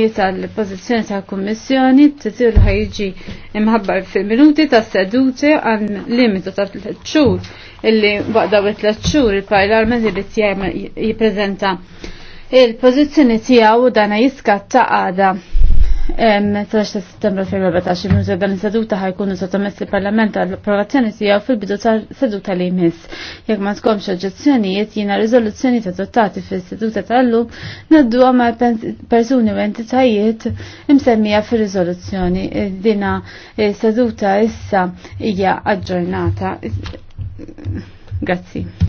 l pozizjoni tal-Kommissjoni t-tir ħajġi imħabbar fil-minuti ta' seduti għan limitu ta' t-tletxur illi waqda u t-tletxur il-parlament li t-jajma jiprezenta il-pozizjoni tijaw dana ta' għada 13 settembru 2014 minuta dan is-seduta ħajkunu sottomessi parlament għall-approvazzjoni tiegħu fil-bidu tal-seduta li jmiss. Jekk ma tkomx oġġezzjonijiet jiena riżoluzzjoni adottati fis-seduta tal-lum naddu ma' persuni u entitajiet imsemmija fir-riżoluzzjoni. Dina eh, seduta issa hija aġġornata. Grazzi.